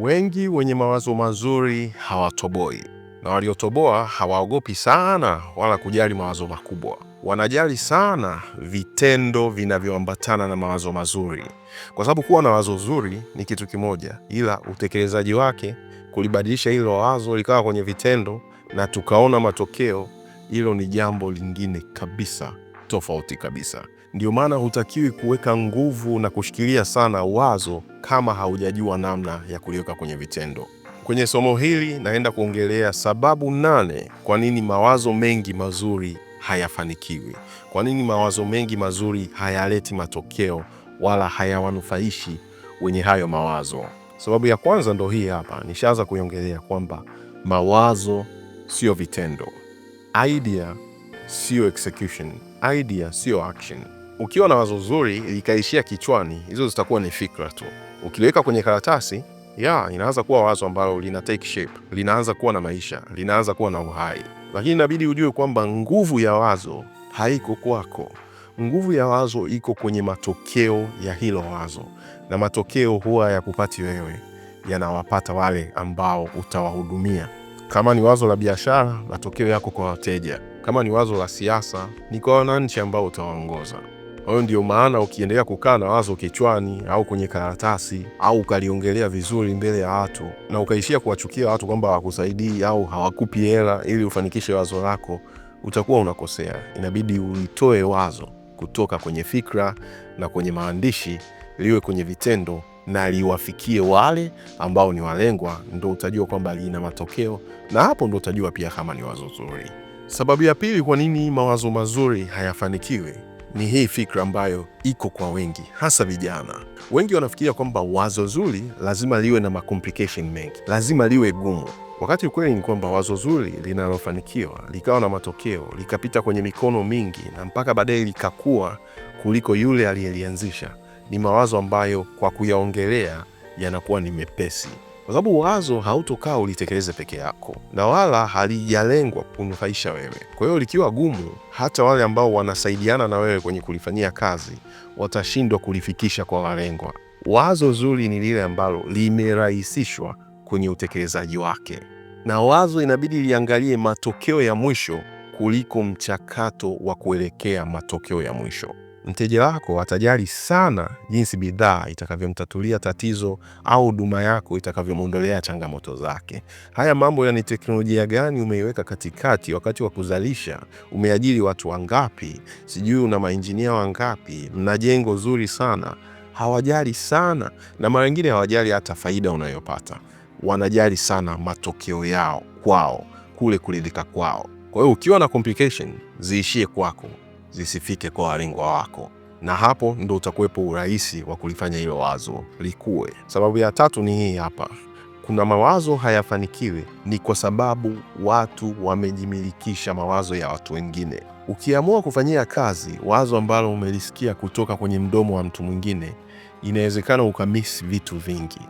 Wengi wenye mawazo mazuri hawatoboi, na waliotoboa hawaogopi sana wala kujali mawazo makubwa. Wanajali sana vitendo vinavyoambatana na mawazo mazuri, kwa sababu kuwa na wazo zuri ni kitu kimoja, ila utekelezaji wake, kulibadilisha hilo wazo likawa kwenye vitendo na tukaona matokeo, hilo ni jambo lingine kabisa tofauti kabisa. Ndio maana hutakiwi kuweka nguvu na kushikilia sana wazo kama haujajua namna ya kuliweka kwenye vitendo. Kwenye somo hili naenda kuongelea sababu nane kwa nini mawazo mengi mazuri hayafanikiwi, kwa nini mawazo mengi mazuri hayaleti matokeo wala hayawanufaishi wenye hayo mawazo. Sababu ya kwanza ndo hii hapa, nishaanza kuiongelea kwamba mawazo sio vitendo, idea sio execution idea sio action. Ukiwa na wazo zuri likaishia kichwani, hizo zitakuwa ni fikra tu. Ukiliweka kwenye karatasi ya inaanza kuwa wazo ambalo lina take shape, linaanza kuwa na maisha, linaanza kuwa na uhai. Lakini inabidi ujue kwamba nguvu ya wazo haiko kwako. Nguvu ya wazo iko kwenye matokeo ya hilo wazo, na matokeo huwa ya kupati wewe, yanawapata wale ambao utawahudumia. Kama ni wazo la biashara, matokeo yako kwa wateja kama ni wazo la siasa, ni kwa wananchi ambao utawaongoza. Kwa hiyo ndio maana ukiendelea kukaa na wazo kichwani au kwenye karatasi au ukaliongelea vizuri mbele ya watu na ukaishia kuwachukia watu kwamba hawakusaidii au hawakupi hela ili ufanikishe wazo lako, utakuwa unakosea. Inabidi ulitoe wazo kutoka kwenye fikra na kwenye maandishi liwe kwenye vitendo na liwafikie wale ambao ni walengwa, ndo utajua kwamba lina matokeo, na hapo ndo utajua pia kama ni wazo zuri. Sababu ya pili kwa nini mawazo mazuri hayafanikiwi ni hii fikra ambayo iko kwa wengi, hasa vijana. Wengi wanafikiria kwamba wazo zuri lazima liwe na makomplication mengi, lazima liwe gumu, wakati ukweli ni kwamba wazo zuri linalofanikiwa likawa na matokeo, likapita kwenye mikono mingi na mpaka baadaye likakua kuliko yule aliyelianzisha, ni mawazo ambayo kwa kuyaongelea yanakuwa ni mepesi kwa sababu wazo hautokaa ulitekeleze peke yako na wala halijalengwa kunufaisha wewe. Kwa hiyo likiwa gumu, hata wale ambao wanasaidiana na wewe kwenye kulifanyia kazi watashindwa kulifikisha kwa walengwa. Wazo zuri ni lile ambalo limerahisishwa kwenye utekelezaji wake, na wazo inabidi liangalie matokeo ya mwisho kuliko mchakato wa kuelekea matokeo ya mwisho mteja wako atajali sana jinsi bidhaa itakavyomtatulia tatizo au huduma yako itakavyomwondolea changamoto zake. Haya mambo yani, teknolojia gani umeiweka katikati wakati wa kuzalisha? Umeajiri watu wangapi? Sijui una mainjinia wangapi? Mna jengo zuri sana? Hawajali sana, na mara nyingine hawajali hata faida unayopata, wanajali sana matokeo yao kwao, kule kuridhika kwao. Kwa hiyo ukiwa na complication ziishie kwako zisifike kwa walengwa wako, na hapo ndo utakuwepo urahisi wa kulifanya hilo wazo likue. Sababu ya tatu ni hii hapa. Kuna mawazo hayafanikiwi ni kwa sababu watu wamejimilikisha mawazo ya watu wengine. Ukiamua kufanyia kazi wazo ambalo umelisikia kutoka kwenye mdomo wa mtu mwingine, inawezekana ukamisi vitu vingi,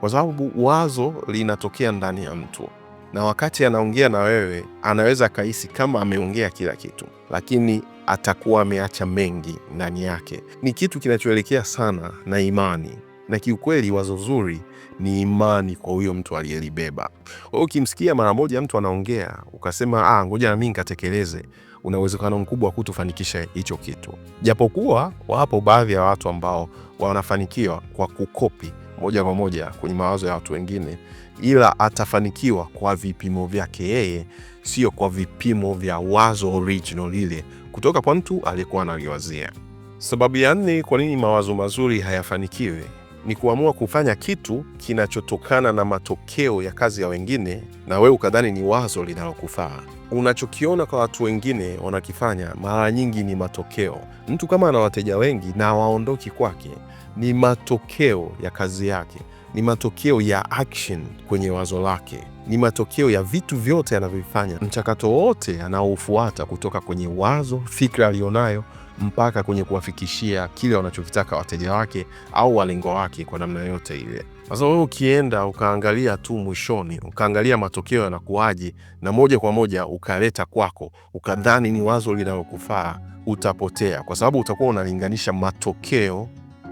kwa sababu wazo linatokea ndani ya mtu na wakati anaongea na wewe anaweza akahisi kama ameongea kila kitu, lakini atakuwa ameacha mengi ndani yake. Ni kitu kinachoelekea sana na imani, na kiukweli wazo zuri ni imani kwa huyo mtu aliyelibeba. Kwa ukimsikia mara moja mtu anaongea ukasema, ah, ngoja na mimi nikatekeleze, una uwezekano mkubwa wa kutofanikisha hicho kitu, japokuwa wapo baadhi ya watu ambao wanafanikiwa kwa kukopi moja kwa moja kwenye mawazo ya watu wengine, ila atafanikiwa kwa vipimo vyake yeye, sio kwa vipimo vya wazo original lile kutoka kwa mtu aliyekuwa analiwazia. Sababu ya nne kwa nini mawazo mazuri hayafanikiwi ni kuamua kufanya kitu kinachotokana na matokeo ya kazi ya wengine, na wewe ukadhani ni wazo linalokufaa. Unachokiona kwa watu wengine wanakifanya mara nyingi ni matokeo. Mtu kama ana wateja wengi na waondoki kwake, ni matokeo ya kazi yake, ni matokeo ya action kwenye wazo lake, ni matokeo ya vitu vyote anavyovifanya, mchakato wote anaoufuata kutoka kwenye wazo, fikra aliyonayo mpaka kwenye kuwafikishia kile wanachokitaka wateja wake au walengo wake kwa namna yote ile. Sasa wewe ukienda ukaangalia tu mwishoni, ukaangalia matokeo yanakuwaje, na moja kwa moja ukaleta kwako, ukadhani ni wazo linalokufaa, utapotea, kwa sababu utakuwa unalinganisha matokeo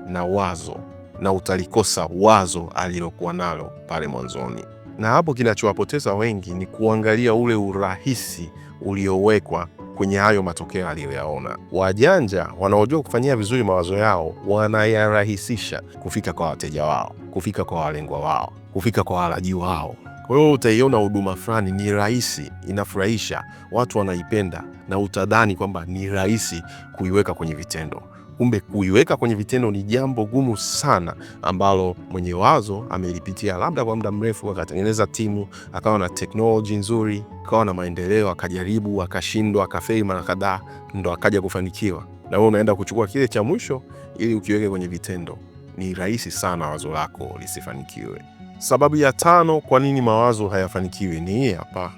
na wazo na utalikosa wazo alilokuwa nalo pale mwanzoni. Na hapo kinachowapoteza wengi ni kuangalia ule urahisi uliowekwa kwenye hayo matokeo aliyoyaona. Wajanja wanaojua kufanyia vizuri mawazo yao wanayarahisisha kufika kwa wateja wao, kufika kwa walengwa wao, kufika kwa walaji wao. Kwa hiyo utaiona huduma fulani ni rahisi, inafurahisha, watu wanaipenda, na utadhani kwamba ni rahisi kuiweka kwenye vitendo. Kumbe kuiweka kwenye vitendo ni jambo gumu sana, ambalo mwenye wazo amelipitia labda kwa muda mrefu, akatengeneza timu, akawa na teknoloji nzuri, akawa na maendeleo, akajaribu, akashindwa, akafeli mara kadhaa, ndo akaja kufanikiwa. Na wewe unaenda kuchukua kile cha mwisho ili ukiweke kwenye vitendo, ni rahisi sana wazo lako lisifanikiwe. Sababu ya tano kwa nini mawazo hayafanikiwi ni hii hapa.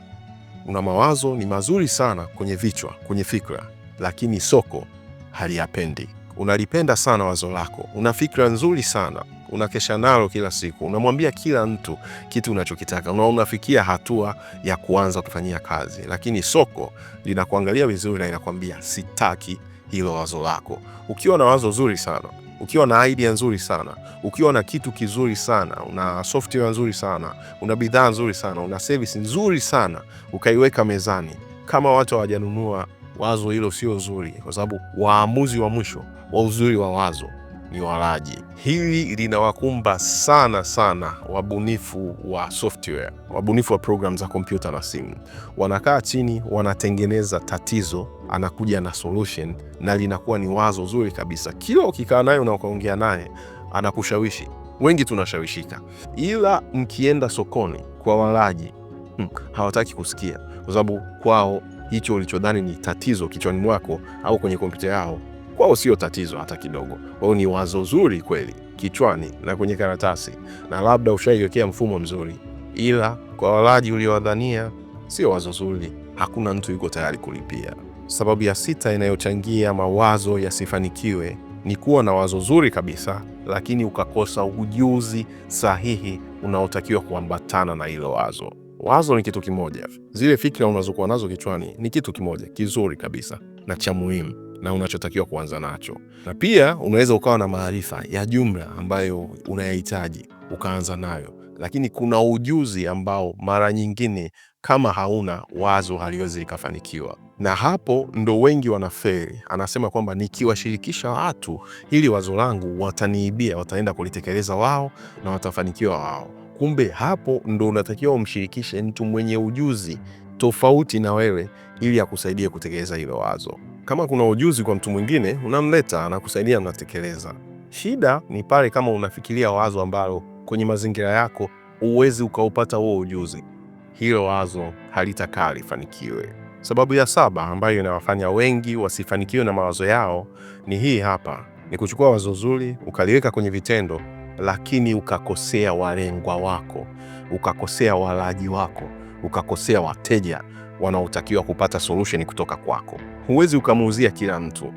Una mawazo ni mazuri sana kwenye vichwa, kwenye fikra, lakini soko haliyapendi unalipenda sana wazo lako, una fikra nzuri sana, unakesha nalo kila siku, unamwambia kila mtu kitu unachokitaka na unafikia hatua ya kuanza kufanyia kazi, lakini soko linakuangalia vizuri na inakwambia sitaki hilo wazo lako. Ukiwa na wazo zuri sana ukiwa na idea nzuri sana, ukiwa na kitu kizuri sana, una software nzuri sana, una bidhaa nzuri sana, una service nzuri sana, ukaiweka mezani, kama watu hawajanunua wazo hilo sio zuri, kwa sababu waamuzi wa mwisho wa uzuri wa wazo ni walaji. Hili linawakumba sana sana wabunifu wa software, wabunifu wa program za kompyuta na simu. Wanakaa chini, wanatengeneza tatizo, anakuja na solution na linakuwa ni wazo zuri kabisa. Kila ukikaa naye na ukaongea naye, anakushawishi. Wengi tunashawishika, ila mkienda sokoni kwa walaji hmm, hawataki kusikia, kwa sababu kwao hicho ulichodhani ni tatizo kichwani mwako au kwenye kompyuta yao kwao sio tatizo hata kidogo. Kwao ni wazo zuri kweli kichwani na kwenye karatasi, na labda ushaiwekea mfumo mzuri, ila kwa walaji uliowadhania sio wazo zuri. Hakuna mtu yuko tayari kulipia. Sababu ya sita inayochangia mawazo yasifanikiwe ni kuwa na wazo zuri kabisa, lakini ukakosa ujuzi sahihi unaotakiwa kuambatana na hilo wazo. Wazo ni kitu kimoja, zile fikra unazokuwa nazo kichwani ni kitu kimoja kizuri kabisa na cha muhimu na unachotakiwa kuanza nacho, na pia unaweza ukawa na maarifa ya jumla ambayo unayahitaji ukaanza nayo, lakini kuna ujuzi ambao mara nyingine kama hauna wazo haliwezi likafanikiwa, na hapo ndo wengi wanaferi. Anasema kwamba nikiwashirikisha watu ili wazo langu wataniibia, wataenda kulitekeleza wao na watafanikiwa wao. Kumbe hapo ndo unatakiwa umshirikishe mtu mwenye ujuzi tofauti na wewe ili akusaidie kutekeleza hilo wazo. Kama kuna ujuzi kwa mtu mwingine, unamleta anakusaidia, mnatekeleza. Shida ni pale kama unafikiria wazo ambalo kwenye mazingira yako huwezi ukaupata huo ujuzi, hilo wazo halitakaa lifanikiwe. Sababu ya saba ambayo inawafanya wengi wasifanikiwe na mawazo yao ni hii hapa, ni kuchukua wazo zuri ukaliweka kwenye vitendo, lakini ukakosea walengwa wako, ukakosea walaji wako, ukakosea wateja wanaotakiwa kupata solution kutoka kwako. Huwezi ukamuuzia kila mtu,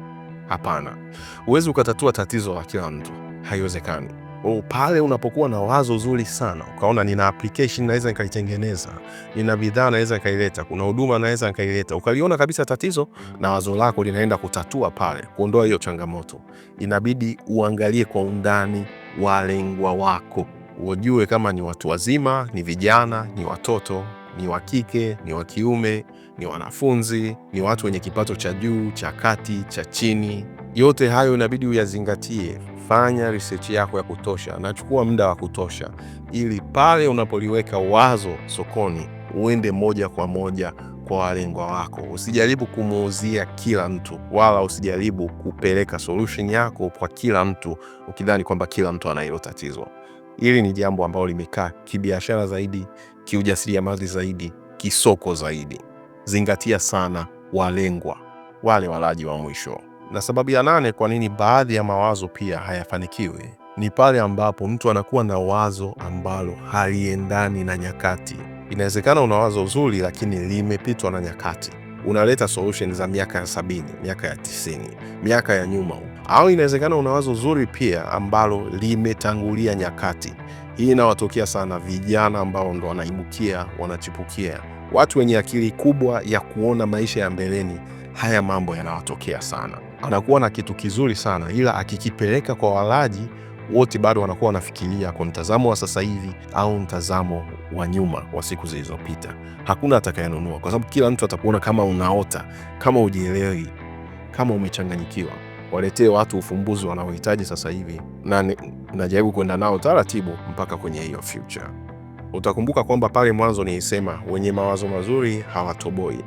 hapana. Huwezi ukatatua tatizo la kila mtu, haiwezekani. Pale unapokuwa na wazo zuri sana, ukaona nina application naweza nikaitengeneza, nina bidhaa naweza nikaileta, kuna huduma naweza nikaileta, ukaliona kabisa tatizo na wazo lako linaenda kutatua pale, kuondoa hiyo changamoto, inabidi uangalie kwa undani walengwa wako, ujue kama ni watu wazima, ni vijana, ni watoto ni wa kike, ni wa kiume, ni wanafunzi, ni watu wenye kipato cha juu, cha kati, cha chini. Yote hayo inabidi uyazingatie. Fanya research yako ya kutosha, nachukua muda wa kutosha, ili pale unapoliweka wazo sokoni uende moja kwa moja kwa walengwa wako. Usijaribu kumuuzia kila mtu, wala usijaribu kupeleka solution yako kwa kila mtu, ukidhani kwamba kila mtu ana hilo tatizo. Hili ni jambo ambalo limekaa kibiashara zaidi, kiujasiriamali zaidi, kisoko zaidi. Zingatia sana walengwa, wale walaji wa mwisho. Na sababu ya nane, kwa nini baadhi ya mawazo pia hayafanikiwi ni pale ambapo mtu anakuwa na wazo ambalo haliendani na nyakati. Inawezekana una wazo zuri, lakini limepitwa na nyakati. Unaleta solution za miaka ya sabini, miaka ya tisini, miaka ya nyuma, au inawezekana una wazo zuri pia ambalo limetangulia nyakati. Hii inawatokea sana vijana ambao ndo wanaibukia, wanachipukia, watu wenye akili kubwa ya kuona maisha ya mbeleni. Haya mambo yanawatokea sana. Anakuwa na kitu kizuri sana, ila akikipeleka kwa walaji wote bado wanakuwa wanafikiria kwa mtazamo wa sasa hivi au mtazamo wa nyuma wa siku zilizopita. Hakuna atakayenunua, kwa sababu kila mtu atakuona kama unaota, kama ujielewi, kama umechanganyikiwa waletee watu ufumbuzi wanaohitaji sasa hivi, na najaribu kwenda nao taratibu mpaka kwenye hiyo future. Utakumbuka kwamba pale mwanzo nilisema wenye mawazo mazuri hawatoboi,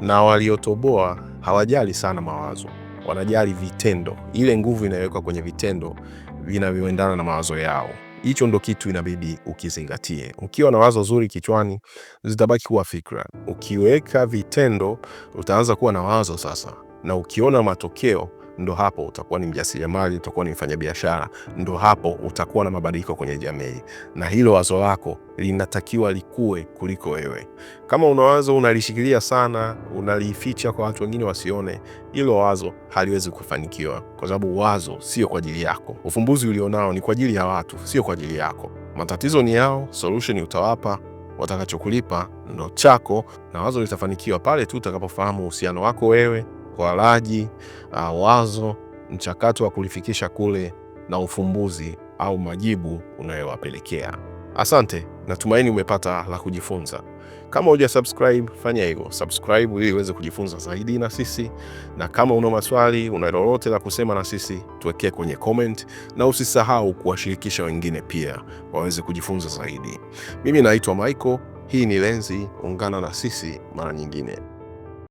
na waliotoboa hawajali sana mawazo, wanajali vitendo, ile nguvu inayowekwa kwenye vitendo vinavyoendana na mawazo yao. Hicho ndo kitu inabidi ukizingatie. Ukiwa na wazo zuri kichwani, zitabaki kuwa fikra. Ukiweka vitendo, utaanza kuwa na wazo sasa, na ukiona matokeo ndo hapo utakuwa ni mjasiriamali, utakuwa ni mfanyabiashara, ndo hapo utakuwa na mabadiliko kwenye jamii, na hilo wazo lako linatakiwa likue kuliko wewe. Kama una wazo unalishikilia sana, unalificha kwa watu wengine wasione, hilo wazo haliwezi kufanikiwa, kwa sababu wazo sio kwa ajili yako. Ufumbuzi ulionao ni kwa ajili ya watu, sio kwa ajili yako. Matatizo ni yao, solution utawapa watakachokulipa ndo chako, na wazo litafanikiwa pale tu utakapofahamu uhusiano wako wewe walaji, uh, ah, wazo, mchakato wa kulifikisha kule na ufumbuzi au majibu unayowapelekea. Asante, natumaini umepata la kujifunza. Kama uja subscribe, fanya hivyo subscribe ili uweze kujifunza zaidi na sisi, na kama una maswali, una lolote la kusema na sisi, tuwekee kwenye comment, na usisahau kuwashirikisha wengine pia waweze kujifunza zaidi. Mimi naitwa Michael, hii ni Lenzi. Ungana na sisi mara nyingine.